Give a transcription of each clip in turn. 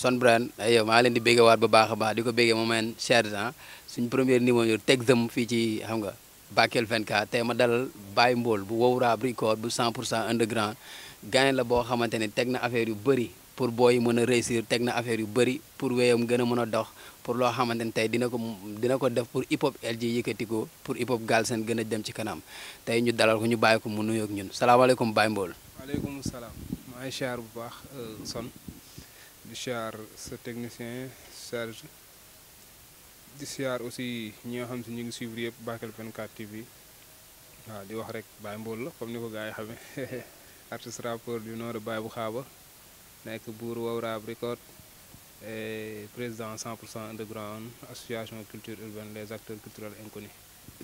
Son Brand eh, yow maa leen di béggewaat bu baax a baax di ko béggee moom meen Sergent suñ premier niveau ñu teg zëm fii ci xam nga Bakel 24 tey ma dalal Baye Mbool bu Wowra Record bu 100 pour cent underground gain la boo xamante ne teg na affaire yu bëri pour booy mën a réussir teg na affaire yu bëri pour wéyam gën a mën a dox pour loo xamante ne tey dina ko dina ko def pour hip hop LG yëkkati ko pour hip hop Galsen gën a dem ci kanam tey ñu dalal ko ñu bàyyi ko mu nuyoog ñun salaamaaleykum Baye Mbool. waaleykum salaam maa Son. di siyaar sa technicien Serge di siyaar aussi ñi nga xam si ñu ngi suivre yëpp Bakel 24 TV waaw di wax rek Baye Mbol la comme ni ko gars yi xamee artiste rappeur du nord Baye bu Xaaba nekk buur Wawraab Record et président 100 pour cent underground association culture urbaine des acteurs culturels inconnus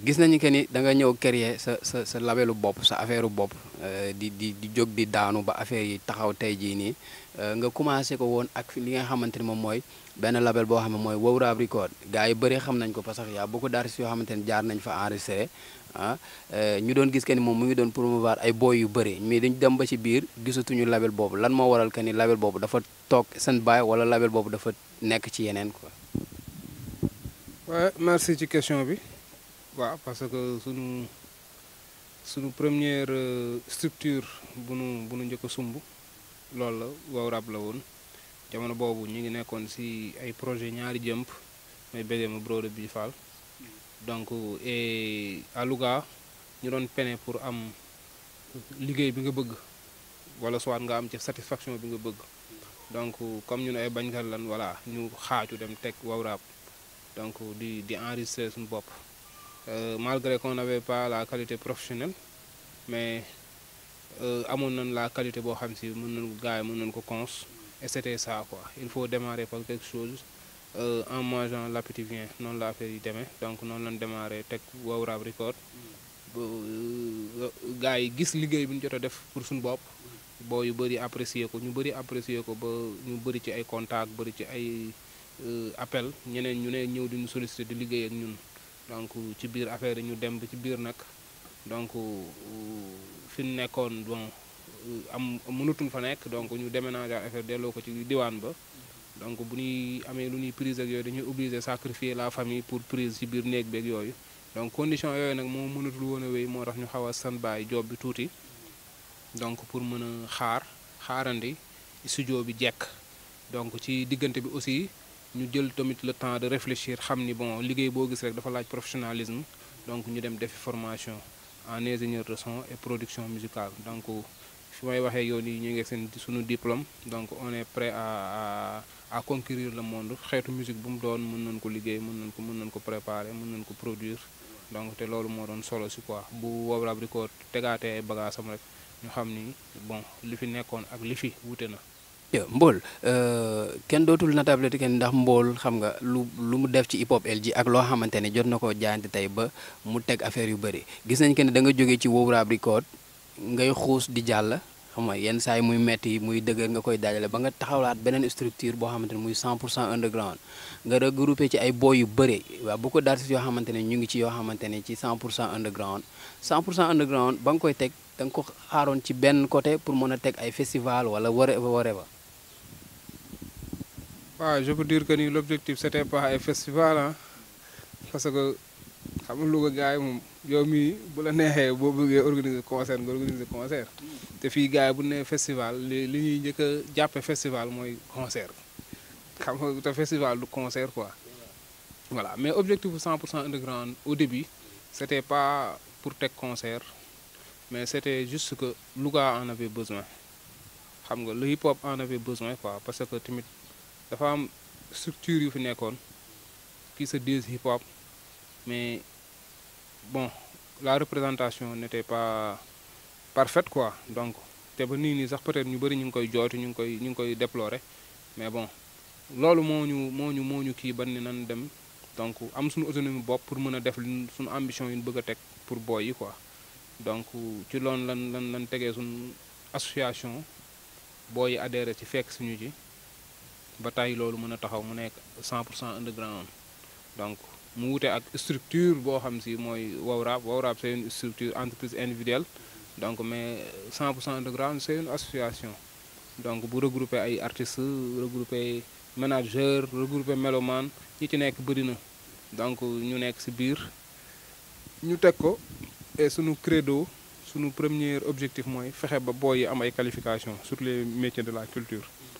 gis nañu que ni da nga ñëw créer sa sa sa labelu bopp sa affaire bopp euh, di di di jóg di daanu ba affaire yi taxaw tey jii nii euh, nga commencé ko woon ak li nga xamante ni moom mooy benn label boo xam ne mooy rab Record gars yi bëri xam nañ ko parce que y'a beaucoup d'artistes yoo xamante ni jaar nañ fa enregistré ah euh, ñu doon gis que ni moom mu ngi doon promouvoir ay boy yu bëri mais dañ dem ba ci biir gisatuñu label boobu lan moo waral que ni label boobu dafa toog seen baay wala label boobu dafa nekk ci yeneen quoi. waaw waaw parce que sunu sunu première euh, structure bu nu bu nu njëkk a sumb loolu la waaw rab la woon jamono boobu ñu ngi nekkoon si ay projet ñaari jëmp may bi donc et à ñu pene pour am liggéey bi nga bëgg wala soit nga am ci satisfaction bi nga bëgg donc comme ñun ay bañkat lan voilà ñu xaaju dem donc di di enregistrer suñu Euh, malgré qu'on n'avait pas la qualité professionnelle mais euh, mon nañ la qualité de xam si mën nañ ko et c'était ça quoi il faut démarrer par quelque chose euh, en mangeant l'appétit vient non la affaire demain, donc non lañ démarrer tek wawra Record euh, gars yi gis liggéey bi ñu def pour nous, bop. Bo yu bëri apprécier ko ñu bëri apprécier ko ba ñu bëri ci ay contact bëri ci ay appel ñeneen ñu di ñu solliciter ak donc ci biir affaire yi ñu dem ci biir donc euh, fi conditions nekkoon bon euh, am fa nekk donc ñu déménager affaire delloo ko ci diwaan ba donc bu ñuy amee prise ak dañuy sacrifier la famille pour prise ci biir donc condition yooyu wéy tax job bi donc pour xaar xaarandi donc aussi ñu jël tamit le temps de réfléchir xam ni bon liggéey boo gis rek dafa laaj professionnalisme donc ñu dem defi formation en ingénieur de son et production musicale donc fi may waxee yow nii ñu ngi seen suñu diplôme donc on est prêt à à conquérir le monde xeetu musique bu mu doon mën nañ ko liggéey mën nañ ko mën nañ ko préparer mën nañ ko produire donc te loolu moo doon solo si quoi bu Wob Rab Records tegaatee ay bagaasam rek ñu xam ni bon li fi nekkoon ak li fi wute mbool euh, kenn dootul na tablette kenn ndax mbool xam nga lu lu mu def ci hip hop LG ak loo xamante ne jot na koo jaayante tey ba mu teg affaire yu bëri gis nañ que ne da nga jógee ci wow raab record ngay xuus di jàll xam nga yenn saa yi muy metti muy dëgër nga koy dajale ba nga taxawlaat beneen structure boo xamante ne muy cent pour cent underground nga regroupé ci ay boy yu bëri waaw bu ko d'artistes yoo xamante ne ñu ngi ci yoo xamante ne ci 100 pour cent underground 100 pour cent underground ba nga koy teg da ko xaaroon ci benn côté pour mën a teg ay festival wala wara ba Bah, je peux dire que l'objectif c'était pas un festival hein parce que xam nga Louga gaay yi moom yow mii bu la neexee boo bëggee organiser concert nga organiser concert te fii gars bu festival li li ñuy njëkk a jàppe festival mooy concert xam nga te festival du concert quoi voilà mais objectif 100 pour underground au début c'était pas pour teg concert mais c'était juste que Louga en avait besoin xam nga le hip hop en avait besoin quoi parce que tamit dafa am structure yu fi nekkoon qui se dise hip hop mais bon la représentation n'était pas parfaite quoi donc te ba nii nii sax peut-être ñu bëri ñu ngi koy jooytu ñu ngi koy ñu ngi koy déplorer mais bon loolu moo ñu moo ñu moo ñu kii ban ni nan dem donc am suñu autonomie bopp pour mën a def suñu ambition yu ñu bëgg a teg pour boy yi quoi donc ci loolu lan lan lan tegee suñu association boy yi adhéré ci fekk suñu ci ba tey loolu taxaw mu 100 underground donc mu a ak structure bo xam si Wawrap Wawrap c'est une structure entreprise individuelle donc mais 100 underground c'est une association donc bu regrouper ay artistes regrouper managers, regrouper méloman ñi ci nek bëri na donc ñu nek ci bir ñu tek ko et suñu credo suñu premier objectif moy fexé ba boy yi am ay qualifications sur les métiers de la culture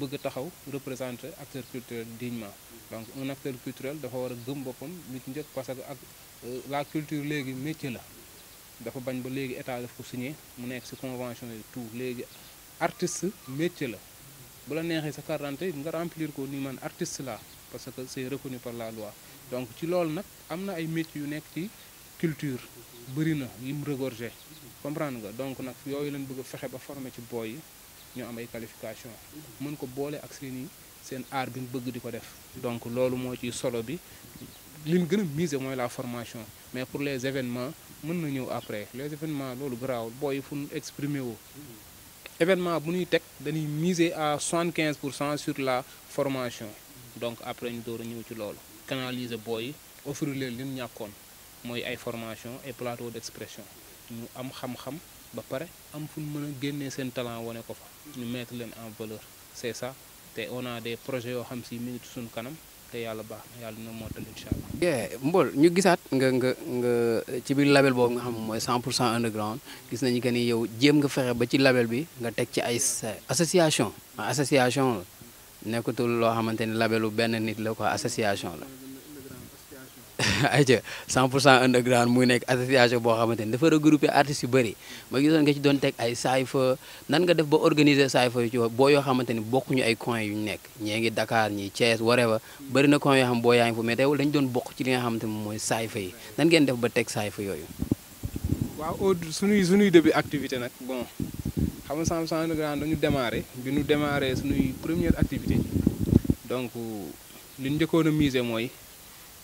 bëgg taxaw représenter acteur culturel dignement donc un acteur culturel dafa war a gëm boppam lu ci parce que euh, la culture léegi métier la dafa bañ ba léegi état daf ko signé mu nekk ci convention tout léegi artiste métier la bu la neexee sa carte d'identité nga remplir ko ni man artiste la parce que c'est reconnu par la loi donc ci loolu nag am na ay métier yu nekk ci culture bëri na yim régorger comprendre nga donc nag yooyu lañ bëgg a fexe ba former ci boy. yi ñu am ay qualification mën ko ak bëgg donc loolu ci solo miser la formation mais pour les événements mën après les événements loolu exprimer événement bu à 75 sur la formation donc après ñu canaliser offrir leen li formation et plateau d'expression ñu am xam ba pare am fu ñu mën a génnee seen talant wane ko fa ñu mettre leen en valeur c'est ça te on a des projets yoo xam si mi suñ kanam te yàlla baax na yàlla dina mootal incha allah. bien ñu gisaat nga nga nga ci biir label boobu nga xam mooy 100 pour cent underground gis nañu que nii yow jéem nga fexe ba ci label bi nga teg ci ay association association la nekkatul loo xamante ni labelu benn nit la quoi association la. ayca 100 pour cent underground muy nekk association boo xamante ni dafa regroupé artistes yu bëri ma gisoon nga ci doon teg ay saay fa nan nga def ba organiser saay fa ci boo yoo xamante ni bokkuñu ay coin yu ñu nekk ñee ngi dakaar ñi Thiès whatever bëri na coin yoo xam boo yaa ngi fa mais teewul dañu doon bokk ci li nga xamante ni mooy saay fa yi nan def ba teg saay fa yooyu waaw au suñuy suñuy début activité nag bon xam nga 100 pour cent underground dañu démarré bi ñu démarré suñuy première activité donc li ñu mooy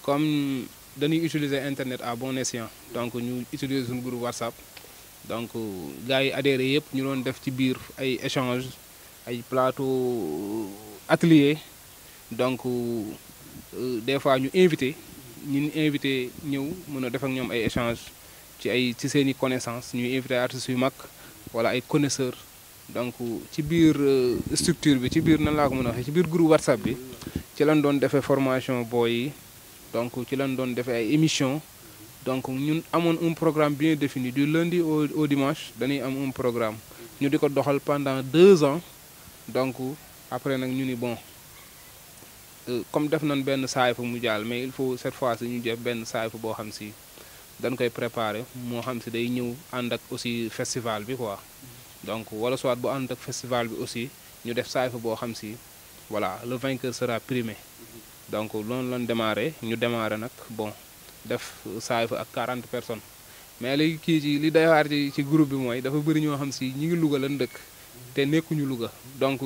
comme dañuy utiliser internet à bon escient donc ñu utiliser le groupe WhatsApp donc euh, gars yi adhéré yëpp ñu doon def ci biir ay échange ay plateau euh, atelier donc euh, des fois ñu invité nous invité ñëw mën a def ak ñoom ay échange ci ay ci seen i connaissance ñuy invité artistes yu mag wala ay connaisseurs donc ci biir structure bi ci biir nan laa ko mën a ci biir groupe WhatsApp bi ci lan doon defee formation donc ci lañ doon defee ay émissions donc ñun amoon un programme bien défini du lundi au au dimanche dañuy am un programme ñu di ko doxal pendant deux ans donc après nag ñu ni bon euh, comme def nañ benn saay mu jàll mais il faut cette fois ci ñu def benn saay fu boo xam si dañ koy préparer moo xam si day ñëw ànd ak aussi festival bi quoi donc wala soit bu ànd ak festival bi aussi ñu def saay fu boo xam si voilà le vainqueur sera primé donc loolu lañ démarré ñu démarré nag bon def saay fa ak quarante personnes mais li kii ci li doy waar ci ci groupe bi mooy dafa bëri ñoo xam si ñi ngi Louga lan dëkk te nekkuñu Louga donc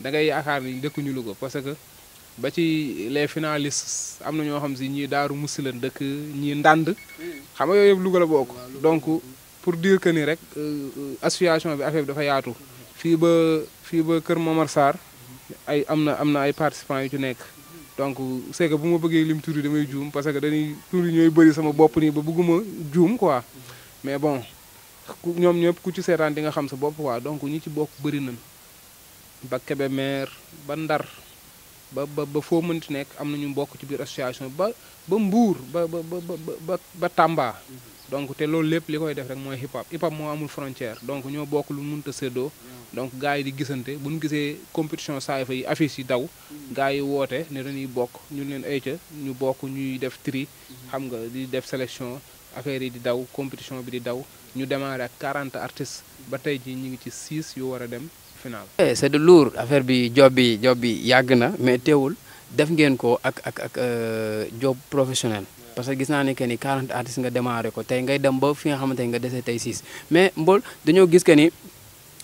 da ngay yaakaar ni dëkkuñu Louga parce que ba ci les finalistes am na ñoo xam si ñii daaru musi lan dëkk ñii ndànd xam nga yooyu yëpp Louga la bokk donc pour diir que ni rek euh, association bi affaire bi dafa yaatu fii ba fii ba Kër Momar Sarr ay am na am na ay participants yu ci nekk donc c'est que bu ma bëggee lim tuuri damay juum parce que dañuy tuuri ñooy bëri sama bopp ni ba bëgguma juum quoi mais bon ñoom ñëpp ku ci seetaan di nga xam sa bopp quoi donc ñi ci bokk bëri nañ ba Kébémer ba Ndar ba ba ba foo mënti nekk am nañu mbokk ci biir association ba ba Mbour ba ba ba ba ba Tamba mhm. donc te loolu lépp li koy def rek mooy hip hop hip hop moo amul frontière donc ñoo bokk lu mënta séddoo donc gars yi di gisante bu ñu gisee compétition saafa yi affiche yi daw gars yi woote ne dañuy bokk ñu leen ay ca ñu bokk ñuy def tri xam nga di def sélection affaire yi di daw compétition bi di daw ñu démarré ak 40 artistes ba tey jii ñu ngi ci 6 yu war a dem final. Eh, c'est de lourd affaire bi job bi job bi yàgg na mais teewul def ngeen ko ak ak ak euh, job professionnel. parce que gis naa ne que ni 40 artistes nga démarré ko tey ngay dem ba fi nga xamante ni nga dese tey 6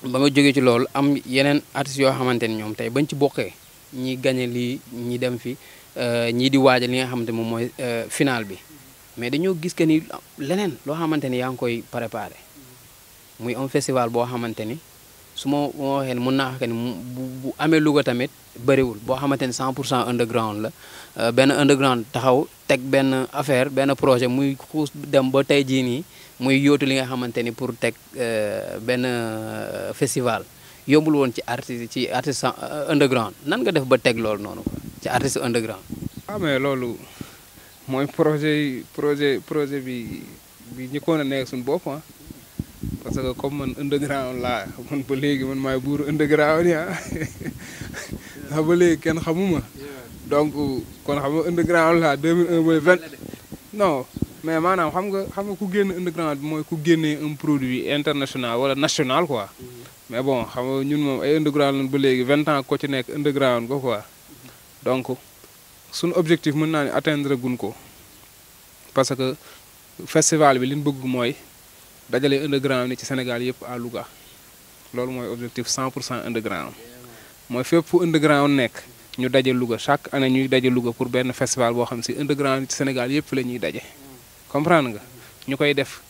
ba nga jógee ci loolu am yeneen artistes yoo xamante ni ñoom tey bañ ci bokkee ñi gañe lii ñi dem fi euh, ñii di waaja li nga xamante moom mooy euh, final bi mais dañoo gis que ni leneen loo xamante ni yaa ngi koy préparé muy un festival boo xamante ni su ma waxee mën naa wax que ni bu amee Louga tamit bëriwul boo xamante ni 100 pour cent underground la euh, benn underground taxaw teg benn affaire benn projet muy xuus dem ba tey jii nii muy yootu li nga xamante ni pour teg euh, benn euh, festival yombul woon ci artiste ci artiste euh, underground nan nga def ba teg loolu noonu ci artiste underground. waaw ah, mais loolu mooy projet projet projet bi bi ñëkkoon a nekk suñu boppa ah. parce que comme man underground laa man ba léegi man maay buuru underground yi ah ndax ba léegi kenn xamuma donc kon xam nga underground laa 2001 ba 20 non. mais maanaam xam nga xam nga ku génn underground bi mooy ku génnee un produit international wala national quoi. mais bon xam nga ñun moom ay underground lañ ba léegi vingt ans ko ci nekk underground ko quoi. donc suñu objectif mën naa ni atteindre gun ko parce que festival bi li ñu bëgg mooy dajale underground ni ci Sénégal yëpp à Louga loolu mooy objectif 100 underground mooy fépp fu underground nekk ñu daje Louga chaque année ñuy daje Louga pour benn festival boo xam si underground ci Sénégal yëpp la ñuy comprendre nga nous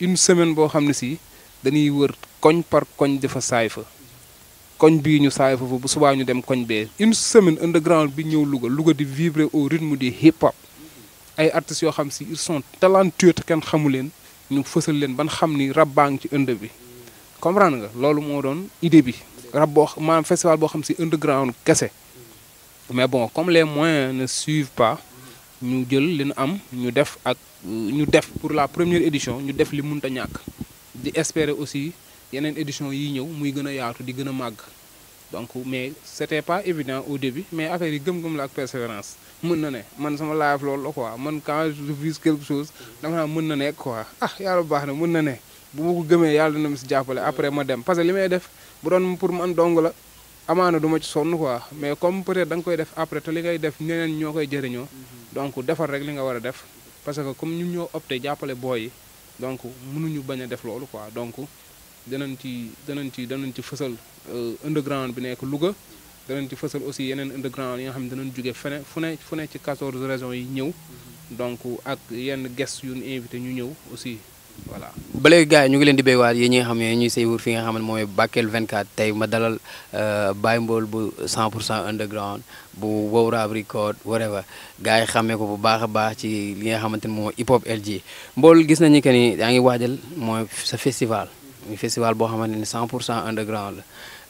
une semaine bo xamni si dañuy wër koñ par koñ defa ñu bu dem une semaine underground bi di vibrer au rythme du hip hop ay artistes xam si ils sont talentueux te kenn ñu ban xamni rap nga festival underground mais bon comme les moyens ne suivent pas ñu jël li am ñu def pour la première édition ñu def li munta ñak di espérer aussi yeneen édition yi ñëw muy gën a yaatu di gën a donc mais c'était pas évident au début mais affaire yi gëm-gëm la ak persévérance mën na ne man sama la quoi man quand je vise quelque chose dama mën na quoi ah yàlla baax na mën na ne bu ma ko gëmee yàlla dina ma si après ma dem parce que li def bu pour man dong amaana du ma ci sonn quoi mais comme peut-être da koy def après te li ngay def ñeneen ñoo koy jariñoo mhm. donc defar rek li nga war a def parce que comme ñun ñoo opté jàppale booy yi donc mënuñu bañ a def loolu quoi donc danañ ci danañ ci danañ ci fësal euh, underground bi nekk Louga danañ ci fësal aussi yeneen underground yi nga xam ne danañ jóge fene fu ne fu ne ci 14 régions yi ñëw mhm. donc ak yenn guest yu nu invité ñu ñëw aussi voilà ba léegi gars yi ñu ngi leen di béywaat yi ñi nga xam ne ñuy séywour fi nga xam ne mooy Bakel 24 tey ma dalal euh, Baye mbool bu 100 pour cent underground bu Wowrab record whatever gars yi xamee ko bu baax a baax ci li nga xamante ne mooy hip hop LG Mbaol gis ñi que ni yaa ngi waajal mooy sa festival festival boo xamante ni 100 pour cent underground la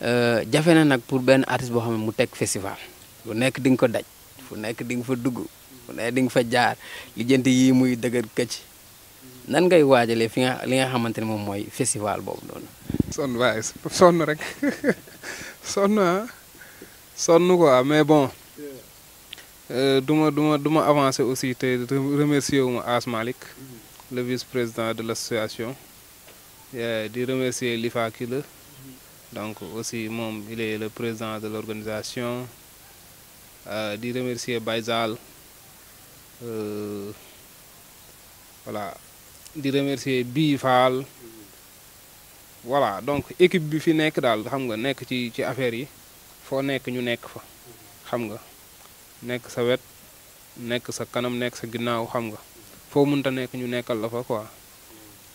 euh, jafe na nag pour benn artiste boo xam ne mu teg festival fu nekk di nga ko daj fu nekk di nga fa dugg fu nekk di nga fa jaar lijjanti yi muy dëgër këcc nan ngay wajale fi nga festival son ah. mais bon euh, avancer aussi te remercier As malik le vice-président de l'association euh, di remercier Lifa donc aussi il est le président de l'organisation euh, di remercier Baizal, voilà di remercier bii voilà donc équipe bi fi nek dal xam nga nek ci ci affaire yi fo nek ñu nek fa xam nga nek sa wet nek sa kanam nek sa ginnaw xam nga foo ta nek ñu nekkal la fa quoi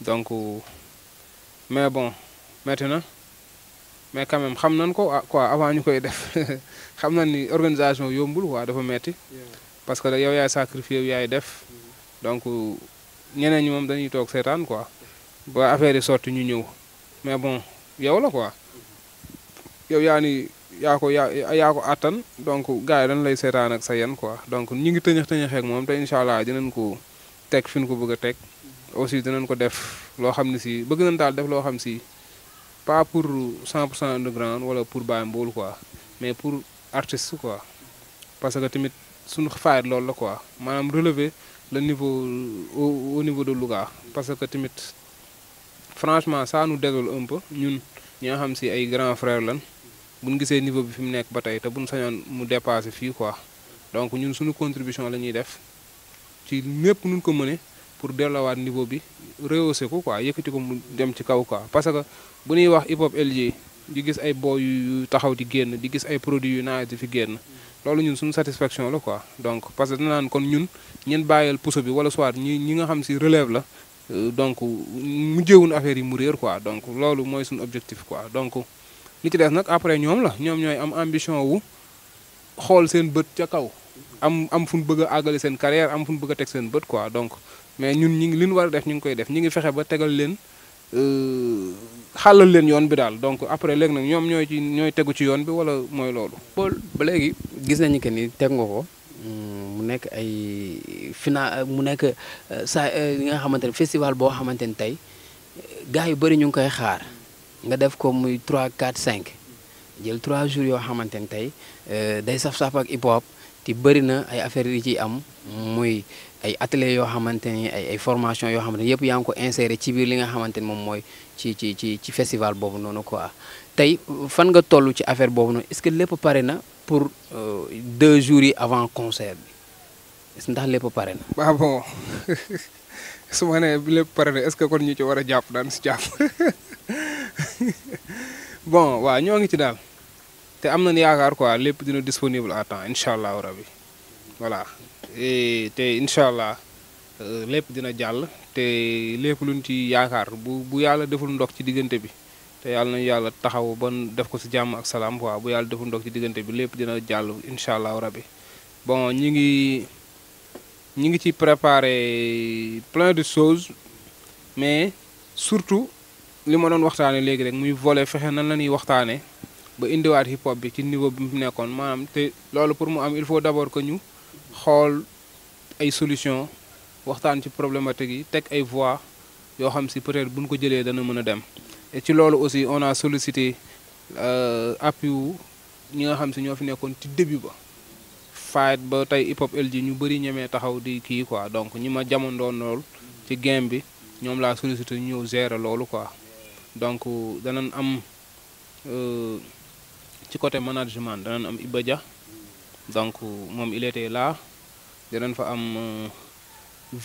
donc mais bon maintenant mais quand même xam nañ ko ah, quoi avant ñukoy def xam nañ ni organisation yombul quoi dafa metti parce que yow yaay yow yaay def mm-hmm. donc ñeneen ñi moom dañuy toog seetaan quoi ba affaire yi ñu ñëw mais bon yow la quoi yow yaa ni yaa yaa yaa ko donc gars yi dañ lay seetaan ak sa yen quoi donc ñu ngi tëñëx tëñëxee moom te incha allah dinañ ko teg fi ko bëgg a teg. aussi dinañ ko def loo xam ne si bëgg nañ daal def loo xam si pas pour 100 pour cent de underground wala pour Baye Mbaol quoi mais pour artiste quoi parce que tamit suñu faayit loolu la quoi maanaam relever. le niveau au, niveau de Louga parce que tamit franchement ça nous désole un ñun ñaa xam si ay grands frères lan buñ gisee niveau bi fi mu nekk ba tey te buñ sañoon mu dépassé fii quoi donc ñun suñu contribution la ñuy def ci ñépp nun ko mëne pour dellowaat niveau bi rehausser ko quoi yëkkati ko mu dem ci kaw quoi parce que bu ñuy wax hip hop LG di gis ay boy yu taxaw di génn di gis ay produits yu naaj di fi génn loolu ñun suñu satisfaction la quoi donc parce que dana kon ñun ñen bàyyil puso bi wala soit ñi ñi nga xam si relève la euh, donc mujjewuñ affaire yi mu réer quoi donc loolu mooy suñu objectif quoi donc li ci des nag après ñoom la ñoom ñooy am ambition wu xool seen bët ca kaw am am fu bëgg a àggale seen carrière am fu bëgg a teg seen bët quoi donc mais ñun ñi ngi li ñu war a def ñu ngi koy def ñi ngi fexe ba tegal leen euh, xàllal leen yoon bi daal donc après léegi nag ñoom ñooy ci ñooy tegu ci yoon bi wala mooy loolu. bool ba léegi gis nañu que ni teg nga ko mu nekk ay fina mu nekk euh, saa yi euh, nga xamante ne festival boo xamante ni tey gars yu bëri ñu ngi koy xaar nga def ko muy trois 4 cinq jël trois jours yoo xamante ni tey euh, day saf-saf ak hip hop te bëri na ay affaires yi ciy am muy. ay ateliers yo xamanteni ay ay formation yo xamanteni yépp yëpp yaa ngi ko insérer ci biir li nga xamanteni ni moom mooy ci ci ci ci festival boobu noonu quoi tey fan nga toll ci affaire boobu noonu est-ce que lépp pare na pour euh, deux jours yi avant concert bi est-ce ndax lépp pare na. waaw bon su ma nee lépp pare na est-ce que kon ñu ci war a jàpp daan si jàpp bon waaw ñoo ngi ci daal te am nañu yaakaar quoi lépp dina disponible à temps incha allahu rabi voilà. te incha allah euh, lépp dina jàll te lépp luñ ci yaakaar bu bu yàlla deful ndox ci diggante bi te yàlla nañu yàlla taxaw ba def ko si jàmm ak salaam waaw bu yàlla deful ndox ci diggante bi lépp dina jàll incha allah rabi bon ñi ngi ñi ngi ci préparé plein de choses mais surtout li ma doon waxtaane léegi rek muy volet fexe nan la ñuy waxtaane ba indiwaat hip hop bi ci niveau bi mu nekkoon maanaam te loolu pour mu am il faut d'abord que ñu xool ay solution waxtaan ci problématique yi teg ay voies yoo xam si peut-être buñ ko jëlee dana mën a dem et ci loolu aussi on a sollicité euh, appui wu ñi nga xam si ñoo fi nekkoon ci début ba faayet ba tey hip hop LG ñu bëri ñemee taxaw di kii quoi donc ñi ma jamondoon lool ci game bi ñoom laa sollicité ñu ñëw gérer loolu quoi donc euh, danañ am euh, ci côté management danañ am Iba donc moom il laa là fa am euh,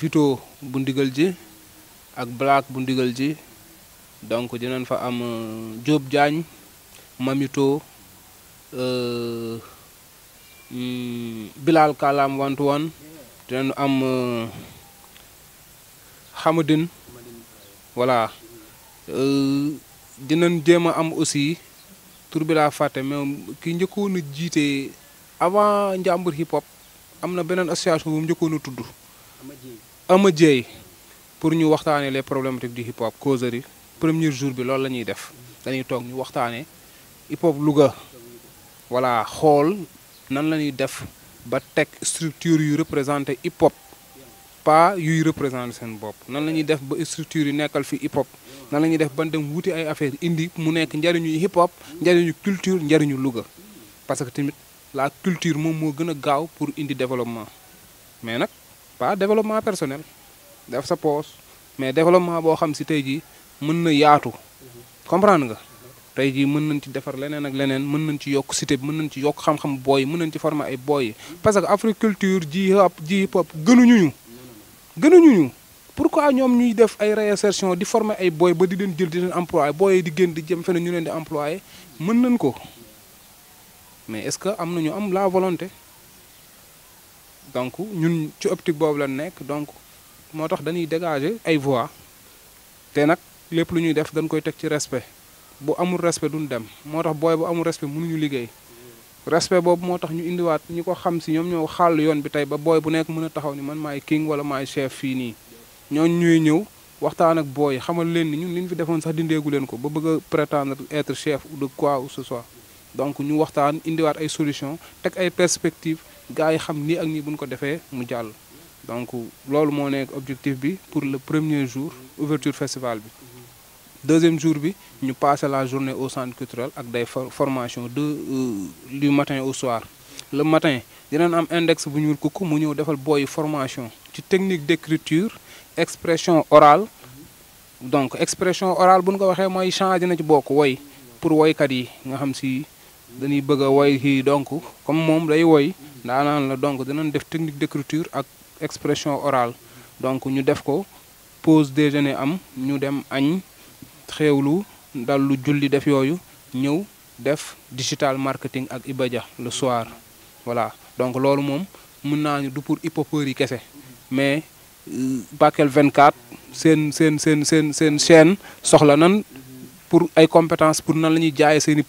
Vito bu ndigal ji ak Black bu ndigal ji donc dinañ fa am euh, Diop Diagne Mamito euh, hmm, Bilal Kalam wantu wan dinañ am Hamadine voilà dinañ jéem a am aussi tur bi laa fàtte mais ki njëkkoon a jiite. avant njàmbur hip hop amna benan Asia association bu mu njëkkoon a pur ama jéey pour ñu waxtaanee les problématiques du hip hop causerie premier jour bi loolu la def dañuy toog ñu waxtaanee hip hop luga, wala hall, nan la def ba teg structure yu hip hop pas yu représenté seen bopp nan la def ba structure yi nekkal fi hip hop nan la def ba wuti ay affaires indi mu nekk njariñu hip hop njariñu culture njariñu Louga parce que tamit. la culture moom moo gën a gaaw pour indi développement mais nag pas développement personnel def sa poos mais développement boo xam si tey jii mën na yaatu comprendre nga tey jii mën nañ ci defar leneen ak leneen mën nañ ci yokk cité bi mën nañ ci yokk xam-xam booy mën nañ ci former ay booy yi parce que africulture ji hop ji hip hop ñu gënuñuñu pourquoi ñoom ñuy def ay réinsertion di former ay booy ba di leen jël di leen employé booy di génn di jëm feneen ñu leen di employé mën nañ ko mais est-ce que am nañu am la volonté donc ñun ci optique bobu la nek donc motax dañuy dégager ay voix té nak lepp lu ñuy def dañ koy tek ci respect bu amul respect duñ dem motax boy bu amul respect ñu liggéey respect bobu motax ñu indi ñi ñiko xam si ñom ñoo xàll yoon bi tay ba boy bu nek mëna taxaw ni man may king wala may chef fi ni ñooñ ñuy ñew waxtaan ak boy xamal leen ni ñun liñ fi defoon sax dindeegu leen ko ba bëgg prétendre être chef ou de quoi ou ce soit donc ñu waxtaan indiwaat ay solution tek ay perspectives pour yi xam nii ak ni buñ ko mu donc lolu mo objectif bi pour le premier jour ouverture festival bi deuxième jour bi ñu la journée au centre culturel avec des formations de euh, du matin au soir le matin dinañ un index bu ñuul kukk mu ñeu defal boy formation ci technique d'écriture expression orale donc expression orale nous avons ko waxé moy changer na ci bokk pour kat yi nga xam si dañuy bëgg a woy kii donc comme moom day woy ndaanaan la donc dinañ def technique d'écriture ak expression orale donc ñu def ko pause déjeuner am ñu dem añ xewlu dallu julli def yooyu ñëw def digital marketing ak ibaja le soir voilà donc loolu moom mën naa ñu du pour hip-hopeurs yi kese mais euh, Bakel 24 seen seen seen seen seen chaîne soxla nan pour ay compétences pour nan la ñuy jaayee seen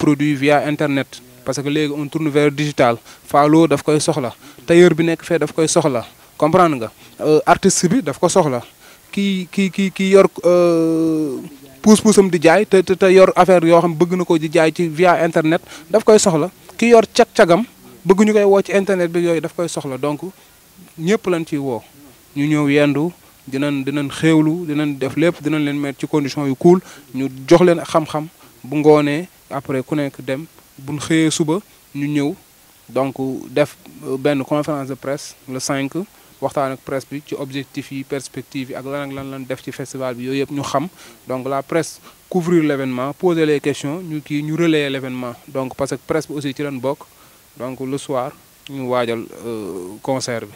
via internet parce que léegi on tourne vers digital faaloo daf koy soxla tailleur bi nekk fee daf koy soxla comprendre nga euh, artiste bi daf ko soxla ki ki ki ki yor euh, puus-puusam di jaay te te yor affaire yoo xam bëgg ko di jaay ci via internet daf koy soxla ki yor cag-cagam bëgg ñu koy woo ci internet bi yooyu daf koy soxla donc ñëpp lañ ciy woo ñu ñëw yendu dinañ dinañ xewlu dinañ def lépp dinañ leen mettre ci condition yu cool ñu jox leen xam-xam bu ngoonee après ku nekk dem buñ xëyee suba ñu ñëw donc def euh, benn conférence de presse le 5 waxtaan ak presse bi ci objectif yi perspective yi ak lan ak lan lan def ci festival bi yooyu yëpp ñu xam donc la presse couvrir l' événement poser les questions ñu kii ñu relayer l' événement donc parce que presse bi aussi ci lan bokk donc le soir ñu waajal euh, concert bi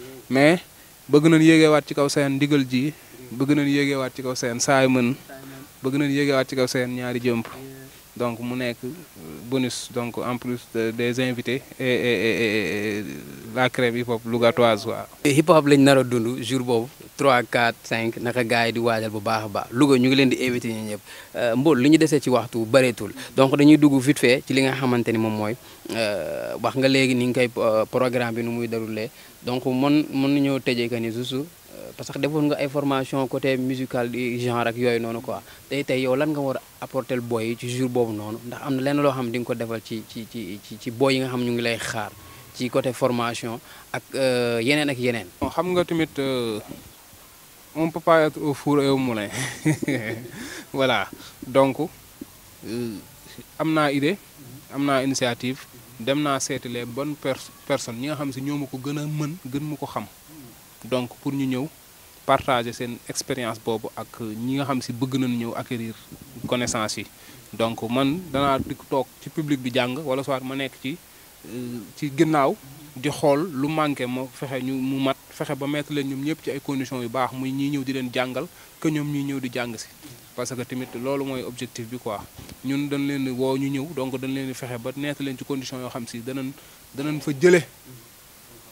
mais bëgg nañ yéegeewaat ci kaw seen ndigal ji bëgg nañ yéegeewaat ci kaw seen saay mën bëgg nañ yéegeewaat ci kaw seen ñaari jëmp donc mu nekk bonus donc en plus des invités et et et la crème hip hop lougatoise waaw. hip hop lañ nar a dund jour boobu. 3 4 5 naka gars di waajal bu baax a baax Louga ñu ngi leen di invité ñu ñëpp euh, Mbol li ñu desee ci waxtu bëreetul donc dañuy dugg vite fait ci li nga xamante ni moom mooy euh, wax nga léegi ni nga koy euh, programme bi nu muy déroulé donc mën mën nañoo tëjee que ni juste parce que defoon nga ay formation côté musical di genre ak yooyu noonu quoi tey tey yow lan nga war a apporter booy yi ci jour boobu noonu ndax am na lenn loo xam ne di nga ko defal ci ci ci ci booy yi nga xam ñu ngi lay xaar ci côté formation ak yeneen ak yeneen. on papa peut pas être au four et au moulin. voilà. Donc, euh, amna idée, amna initiative, dem na sété les bonnes pers personnes ñi nga xam ci ñoom ko gëna mën gën mu ko xam. Donc pour ñu ñëw partager sen expérience bobu ak ñi nga xam ci bëgg nañu ñëw acquérir connaissance yi. Donc man dana tok ci public bi jang wala soit ma nek ci euh, ci ginnaw di xool lu manqué moo fexe ñu mu mat fexe ba mettre leen ñoom ñëpp ci ay conditions yu baax muy ñii ñëw di leen jàngal que ñoom ñuy ñëw di jàng si parce que tamit loolu mooy objectif bi quoi ñun dañ leen woo ñu ñëw donc dañ leen fexe ba mettre leen ci conditions yoo xam si danañ danañ fa jële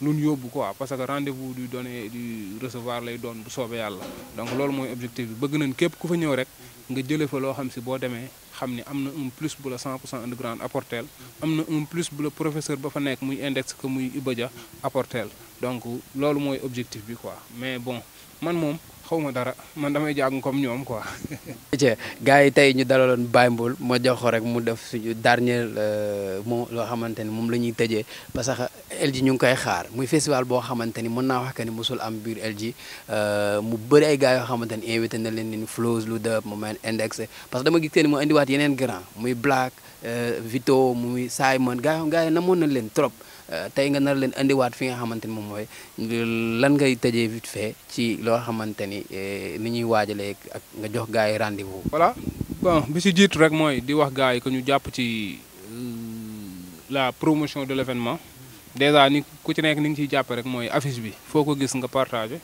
lu ñu yóbbu quoi parce que rendez-vous du donner du recevoir lay doon bu soobee yàlla donc loolu mooy objectif bi bëgg nañ képp ku fa ñëw rek nga jële fa loo xam si boo demee xam ni un plus pour le 100 de underground apporteel am un plus pour le professeur ba fa nekk muy index que muy ibaja apportel donc c'est mooy objectif bi quoi mais bon man moom xaw ma dara man damay jàng comme ñoom quoi. ci gars yi tey ñu dalaloon Baye Mboul ma jox ko rek mu def suñu dernier euh, mot loo xamante ni moom la ñuy tëjee parce que LG ñu ngi koy xaar muy festival boo xamante ni mën naa wax que ni sul am biir LG euh, mu bëri ay gars yoo xamante ni invité na leen ni Flows lu dëpp mu mel index parce que dama gis que ni indiwaat yeneen grand muy Black euh, Vito muy Simon gars yi gars yi namoon na leen trop. Euh, tey nga nar leen indiwaat fi nga xamante ni moom mooy lan ngay tëjee vite fait ci loo xamante ni eh, ni ñuy waajalee ak nga jox gars yi rendez-vous. voilà bon bi si jiitu rek mooy di wax gars yi ko ñu jàpp ci euh, la promotion de l'événement déjà ni ku ci nekk ni ngi ciy jàpp rek mooy affiche bi foo ko gis nga partagé.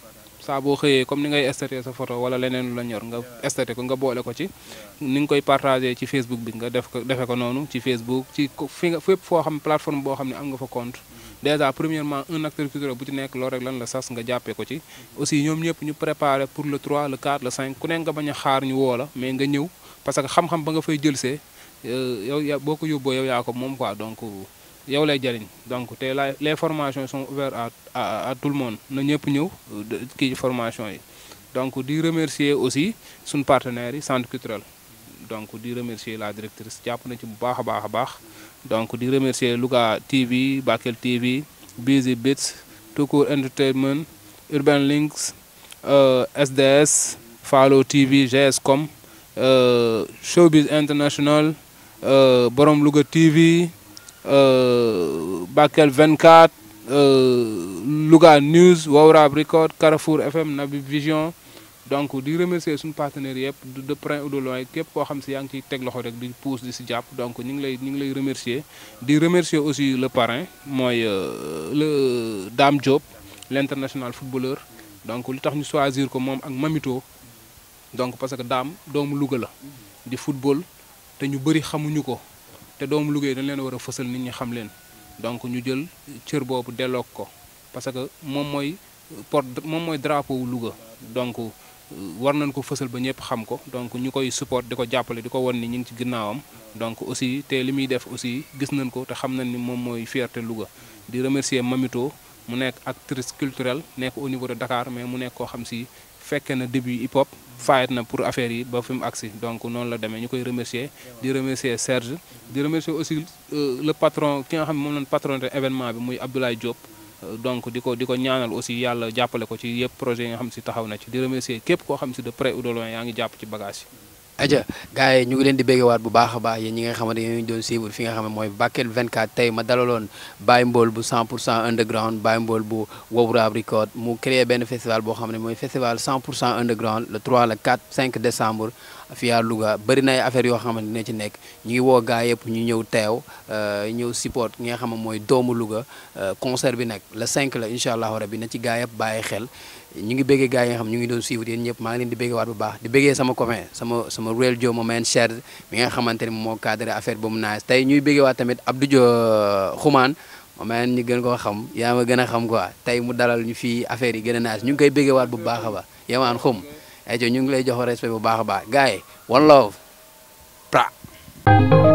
saa boo xëyee comme ni ngay estaté sa photo wala leneen la ñor nga estaté ko nga boole ko ci ni nga koy partagé ci Facebook bi nga def ko defe ko noonu ci Facebook ci fi nga fépp foo xam plateforme boo xam ne am nga fa compte déjà premièrement un acteur culturel bu ci nekk loolu rek lan la sas nga jàppee ko ci aussi ñoom ñëpp ñu préparé pour le 3 le 4 le 5 ku nekk nga bañ a xaar ñu woo la mais nga ñëw parce que xam-xam ba nga fay jëlsee euh, yow boo ko yóbboo yow yaa ko moom quoi donc yow lay donc les formations sont ouvertes à tout le monde na ñëpp ñëw ki formation yi donc di remercier aussi sun partenaires yi centre culturel donc di remercier la directrice japp na ci bu baax donc di remercier luka TV Bakel TV Busy Bits Entertainment Urban Links euh, SDS follow TV GScom euh, Showbiz International euh, Borom Luga TV. Euh, Bakel 24 euh, Louga News Wawraab Record Carrefour FM Nabi Vision donc di remercier les partenaires de près ou de loin képp koo xam si yaa ngi ciy loxo rek di donc je ngi lay remercier remercier aussi le parrain euh, le Dame Job, l'international footballeur donc li tax ñu choisir ko moom ak Mamito donc parce que Dame doomu Louga la football te ñu bëri xamuñu ko te doomu liggéey dañ leen war a fësal xam leen donc ñu jël parce que moom mooy porte moom drapeau donc euh, war nañ ko fësal ba xam ko donc support ni ci donc aussi def aussi gis nañ ko te xam nañ ni moom fierté di remercier Mamito mu actrice culturelle au niveau de Dakar mais mu fekkee na début hip hop faayet na pour affaire yi ba fi mu agsi donc noonu la demee ñu koy remercier di remercier Serge di remercier aussi euh, le patron ki nga xam ne moom lañ patron de événement bi muy Abdoulaye Diop euh, donc di ko di ko ñaanal aussi yàlla jàppale ko ci yëpp projet yi nga xam si taxaw na ci di remercier képp koo xam si de près ou de loin yaa ngi jàpp ci bagage yi aja gars yi ñu ngi leen di béggewaat bu baax a baax yi ñi nga xamante ne ñu doon suivre fi nga xam ne mooy Bakel 24 tey ma dalaloon Baye Mbool bu 100 pour cent underground Baye Mbool bu Wawuraab Record mu créé benn festival boo xam ne mooy festival 100 pour cent underground le 3 le 4 5 décembre fii à Louga bëri na ay yoo xam ne dina ci nekk ñu ngi woo gars yëpp ñu ñëw teew euh, ñëw support ki nga xam ne mooy doomu Louga euh, concert bi nekk le 5 la incha allahu rabi na ci gars yëpp bàyyi xel ñu ngi béggee gars yi nga xam ñu ngi doon suivre yéen ñëpp maa ngi leen di béggee waat bu baax di béggee sama copain sama sama réel jo ma main cher nga xamante ne moo cadré affaire ba mu naaj tey ñuy béggee waat tamit Abdou Dio euh, xumaan ma main ñu gën koo xam yaa ma gën a xam quoi tey mu dalal ñu fii affaire yi gën a naaj ñu ngi koy béggee waat bu baax a baax yamaan xum ay ñu ngi lay jox respect bu baax a baax gars yi one love pra